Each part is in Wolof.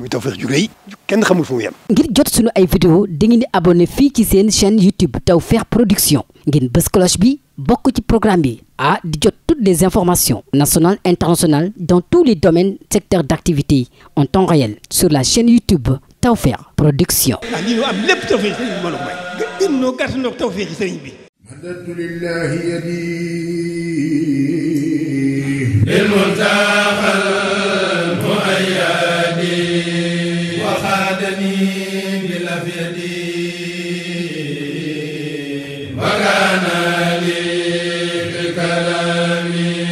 muy Tawfekh kenn xamul fu mu ngir jot sunu ay vidéo dangeen di abonné fii ci seen chaîne YouTube Tawfekh Production ngeen bës bi bokk ci programme bi ah di jot toutes les informations nationales internationales dans tous les domaines secteurs d'activité en temps réel sur la chaîne YouTube Tawfekh Production. ah lii ñu am lépp Tawfekh sëriñ bi mbooloo mooy. gën gën ñoo gàtt ñoo Tawfekh sëriñ bi. بكلامي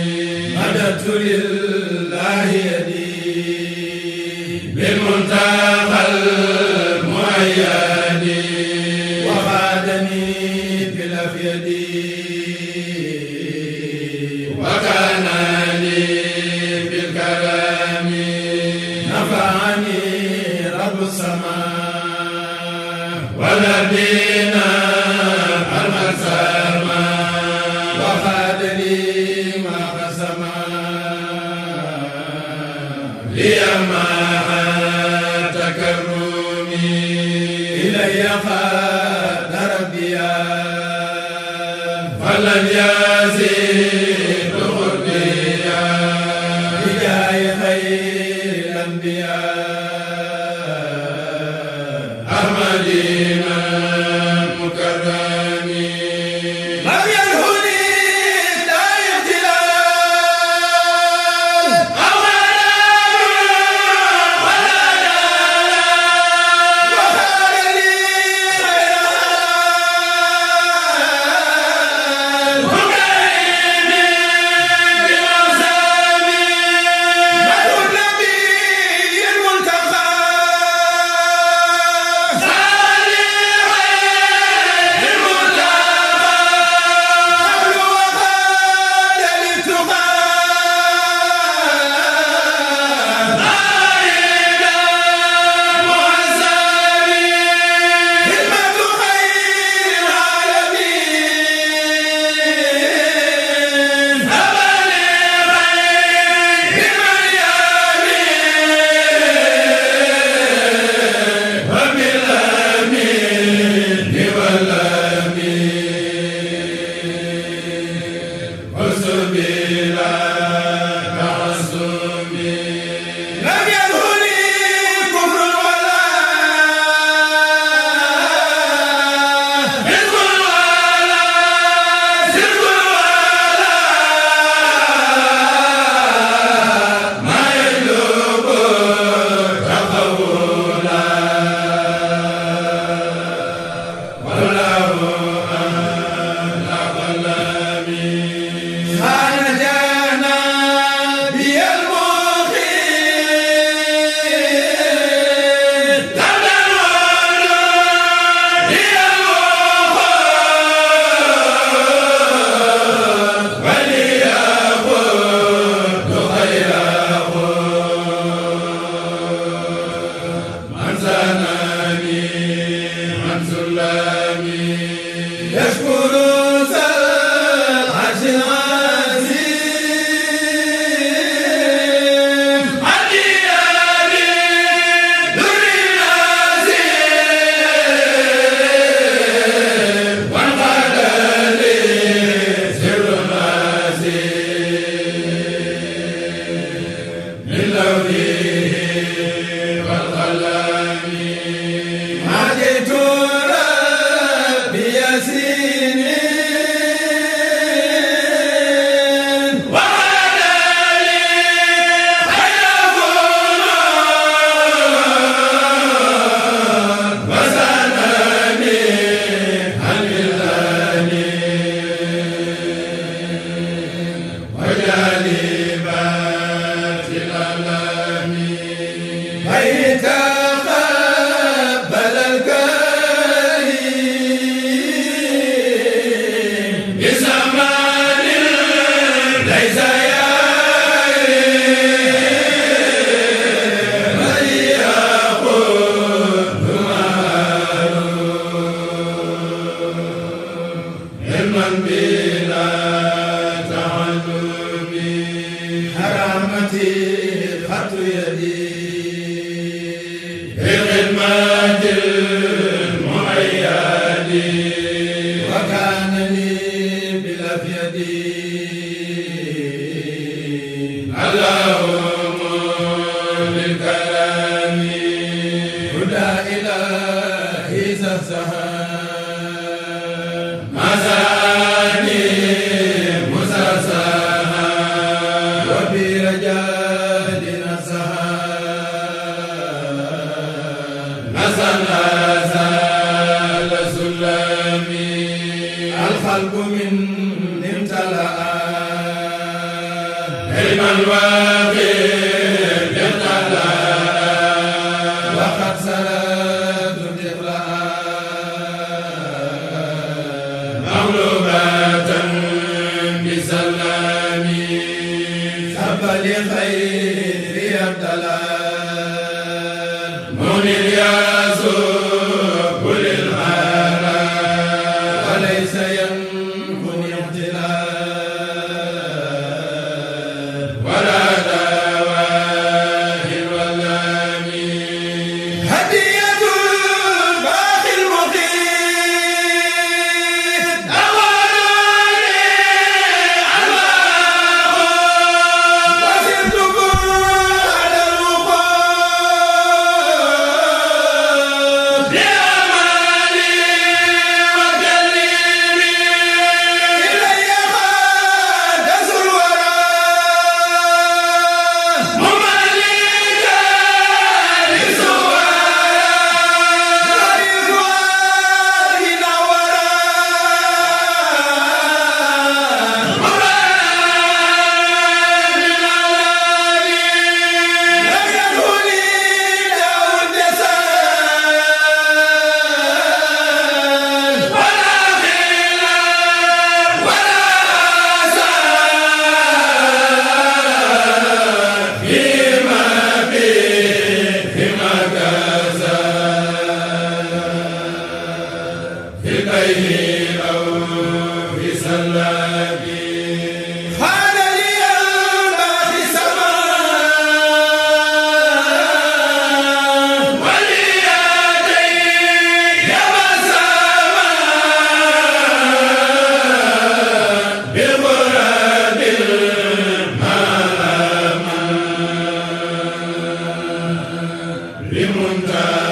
مددت لله يدي بمنتهى المعين إلي قد ربيا فلم يا li xayri la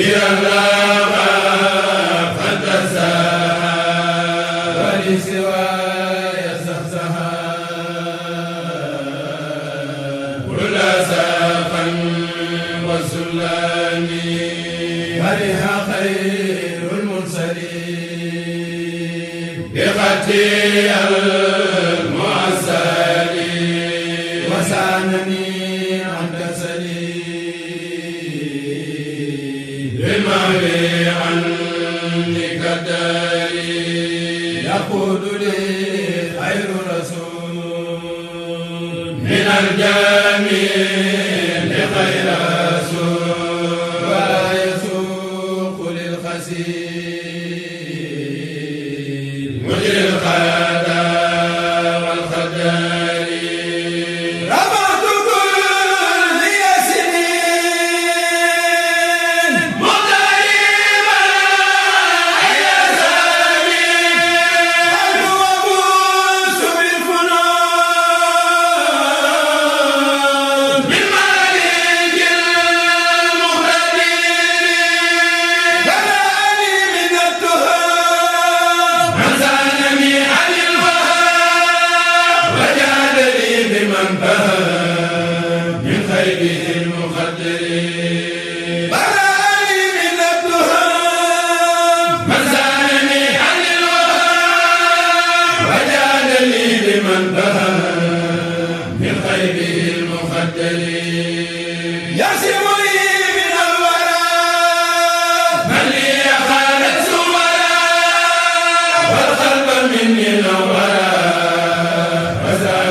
yàlla الجميع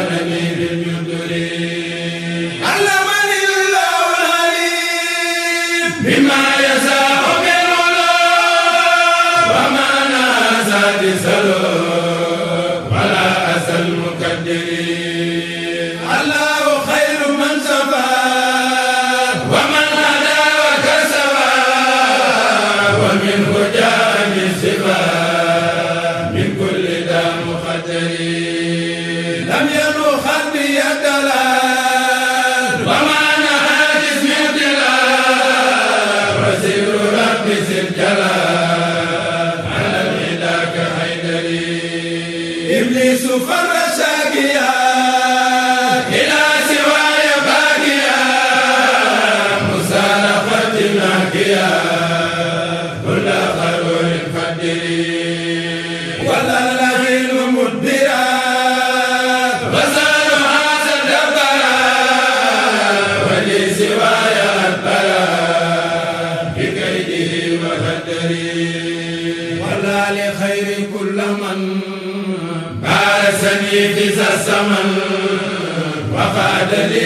العالمين من دنيا Iblisu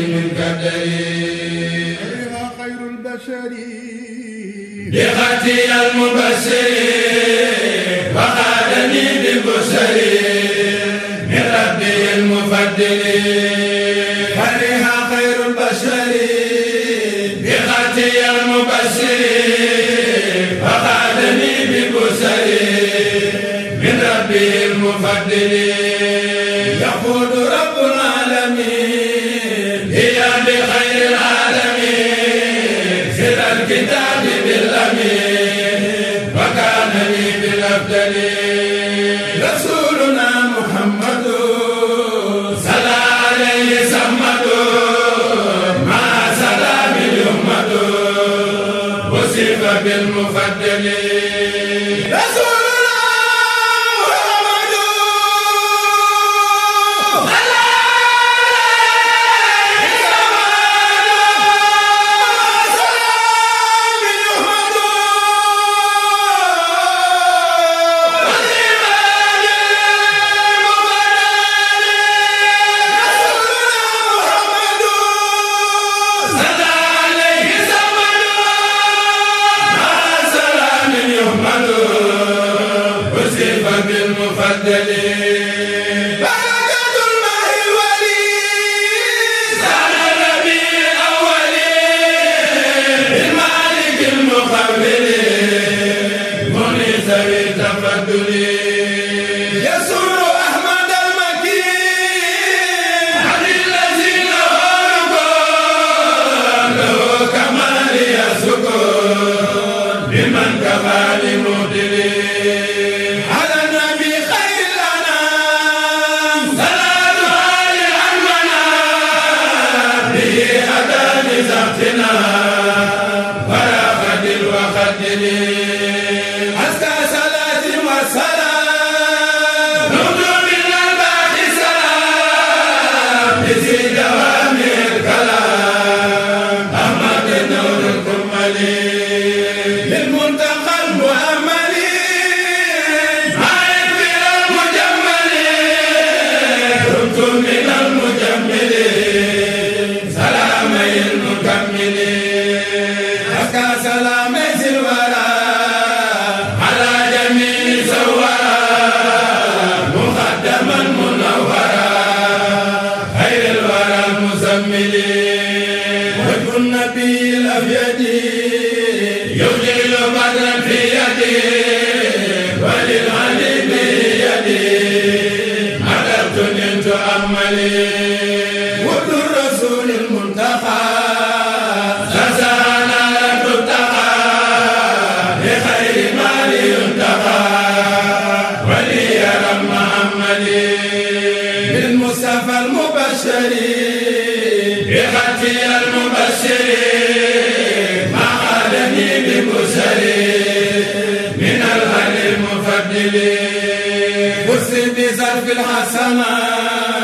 من قدر غير خير البشر بغتي المبشر وخير بالمفضل Amen. المزمل وهب النبي الأبيض يوجد بدرا في يده وللعلي بيده هدفت للتأمل وسلم بزرف الحسنات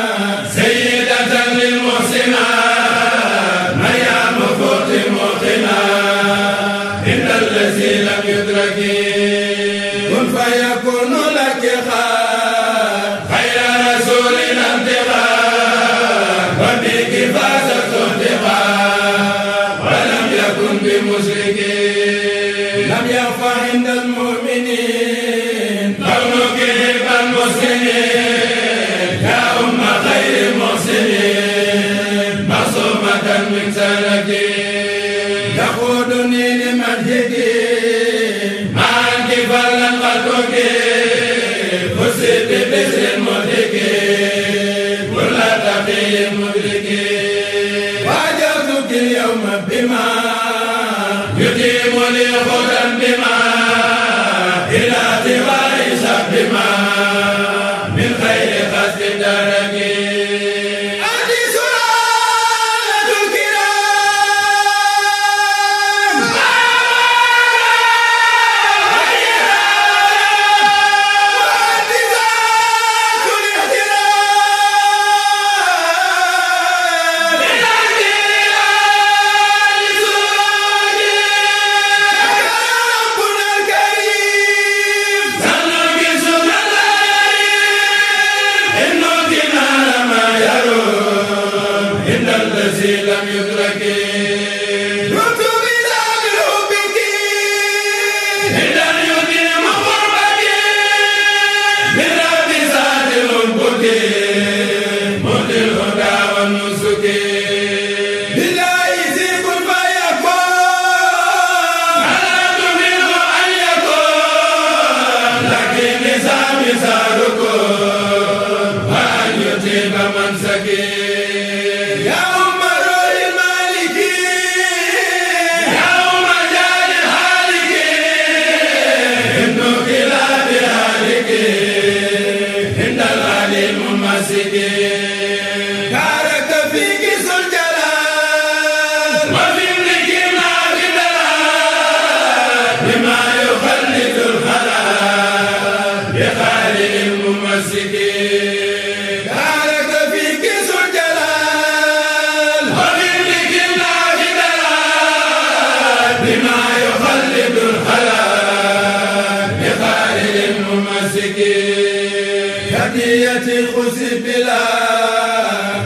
التحية خذ بلا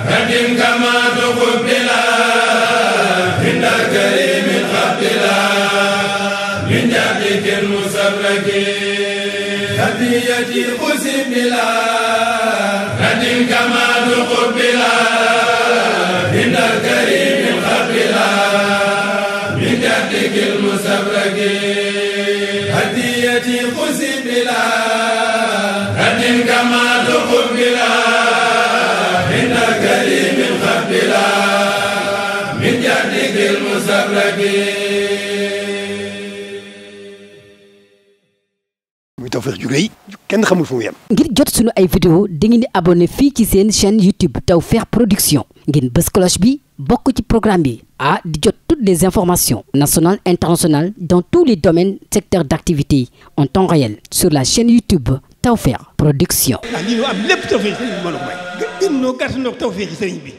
ندم كما تقبلا عند كريم قبلا من جهدك المسبك تحية خذ بلا ندم كما تقبلا عند كريم قبلا من جهدك المسبك هديتي خذ بلا muy Tawfekh ju rëy kenn xamul fu ngir jot sunu ay vidéo dangeen di abonné fii ci seen chaîne YouTube Tawfekh Production ngeen bës cloche bi bokk ci programme bi ah di jot toutes des informations nationales internationales dans tous les domaines secteurs d'activité en temps réel sur la chaine YouTube Tawfekh Production. a ah, may. gën noo